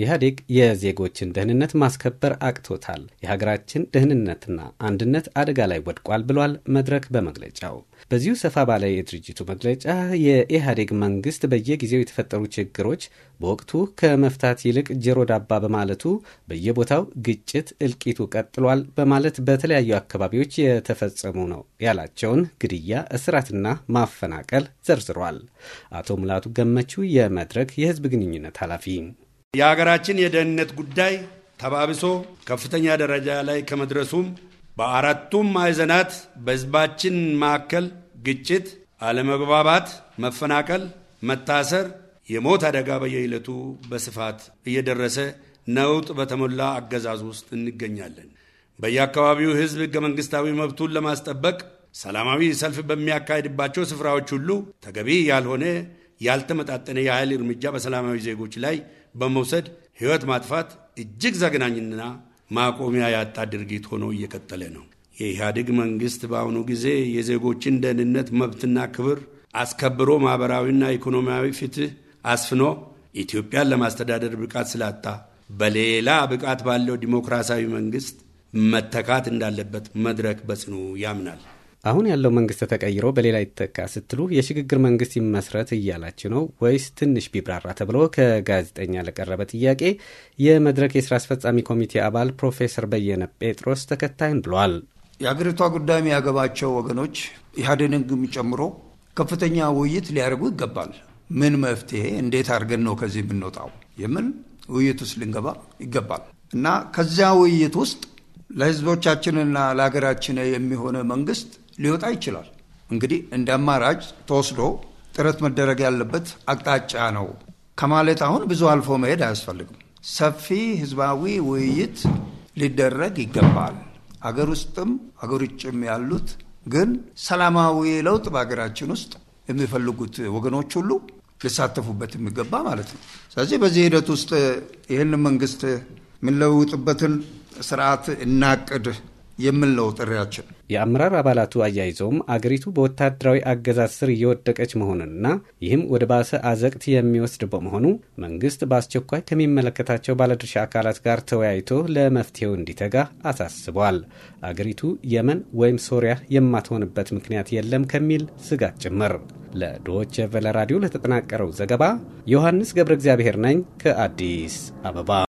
ኢህአዴግ የዜጎችን ደህንነት ማስከበር አቅቶታል፣ የሀገራችን ደህንነትና አንድነት አደጋ ላይ ወድቋል ብሏል መድረክ በመግለጫው። በዚሁ ሰፋ ባለ የድርጅቱ መግለጫ የኢህአዴግ መንግስት በየጊዜው የተፈጠሩ ችግሮች በወቅቱ ከመፍታት ይልቅ ጆሮ ዳባ በማለቱ በየቦታው ግጭት እልቂቱ ቀጥሏል በማለት በተለያዩ አካባቢዎች የተፈጸሙ ነው ያላቸውን ግድያ፣ እስራትና ማፈናቀል ዘርዝሯል። አቶ ሙላቱ ገመቹ የመድረክ የህዝብ ግንኙነት ኃላፊ የሀገራችን የደህንነት ጉዳይ ተባብሶ ከፍተኛ ደረጃ ላይ ከመድረሱም በአራቱም ማዕዘናት በህዝባችን መካከል ግጭት፣ አለመግባባት፣ መፈናቀል፣ መታሰር፣ የሞት አደጋ በየዕለቱ በስፋት እየደረሰ ነውጥ በተሞላ አገዛዝ ውስጥ እንገኛለን። በየአካባቢው ህዝብ ህገ መንግስታዊ መብቱን ለማስጠበቅ ሰላማዊ ሰልፍ በሚያካሄድባቸው ስፍራዎች ሁሉ ተገቢ ያልሆነ ያልተመጣጠነ የኃይል እርምጃ በሰላማዊ ዜጎች ላይ በመውሰድ ሕይወት ማጥፋት እጅግ ዘግናኝና ማቆሚያ ያጣ ድርጊት ሆኖ እየቀጠለ ነው። የኢህአዴግ መንግስት በአሁኑ ጊዜ የዜጎችን ደህንነት መብትና ክብር አስከብሮ ማኅበራዊና ኢኮኖሚያዊ ፍትህ አስፍኖ ኢትዮጵያን ለማስተዳደር ብቃት ስላጣ በሌላ ብቃት ባለው ዲሞክራሲያዊ መንግስት መተካት እንዳለበት መድረክ በጽኑ ያምናል። አሁን ያለው መንግስት ተቀይሮ በሌላ ይተካ ስትሉ የሽግግር መንግስት ይመስረት እያላችሁ ነው ወይስ ትንሽ ቢብራራ ተብሎ ከጋዜጠኛ ለቀረበ ጥያቄ የመድረክ የስራ አስፈጻሚ ኮሚቴ አባል ፕሮፌሰር በየነ ጴጥሮስ ተከታይን ብሏል። የአገሪቷ ጉዳይ የሚያገባቸው ወገኖች ኢህአዴግንም ጨምሮ ከፍተኛ ውይይት ሊያደርጉ ይገባል። ምን መፍትሄ፣ እንዴት አድርገን ነው ከዚህ የምንወጣው የምን ውይይት ውስጥ ልንገባ ይገባል እና ከዚያ ውይይት ውስጥ ለህዝቦቻችንና ለሀገራችን የሚሆነ መንግስት ሊወጣ ይችላል። እንግዲህ እንደ አማራጭ ተወስዶ ጥረት መደረግ ያለበት አቅጣጫ ነው ከማለት አሁን ብዙ አልፎ መሄድ አያስፈልግም። ሰፊ ህዝባዊ ውይይት ሊደረግ ይገባል። አገር ውስጥም አገር ውጭም ያሉት ግን ሰላማዊ ለውጥ በሀገራችን ውስጥ የሚፈልጉት ወገኖች ሁሉ ሊሳተፉበት የሚገባ ማለት ነው። ስለዚህ በዚህ ሂደት ውስጥ ይህን መንግስት የምንለውጥበትን ስርዓት እናቅድ የምንለው ጥሪያችን። የአመራር አባላቱ አያይዘውም አገሪቱ በወታደራዊ አገዛዝ ስር እየወደቀች መሆኑንና ይህም ወደ ባሰ አዘቅት የሚወስድ በመሆኑ መንግስት በአስቸኳይ ከሚመለከታቸው ባለድርሻ አካላት ጋር ተወያይቶ ለመፍትሄው እንዲተጋ አሳስቧል። አገሪቱ የመን ወይም ሶሪያ የማትሆንበት ምክንያት የለም ከሚል ስጋት ጭምር። ለዶች ቨለ ራዲዮ ለተጠናቀረው ዘገባ ዮሐንስ ገብረ እግዚአብሔር ነኝ ከአዲስ አበባ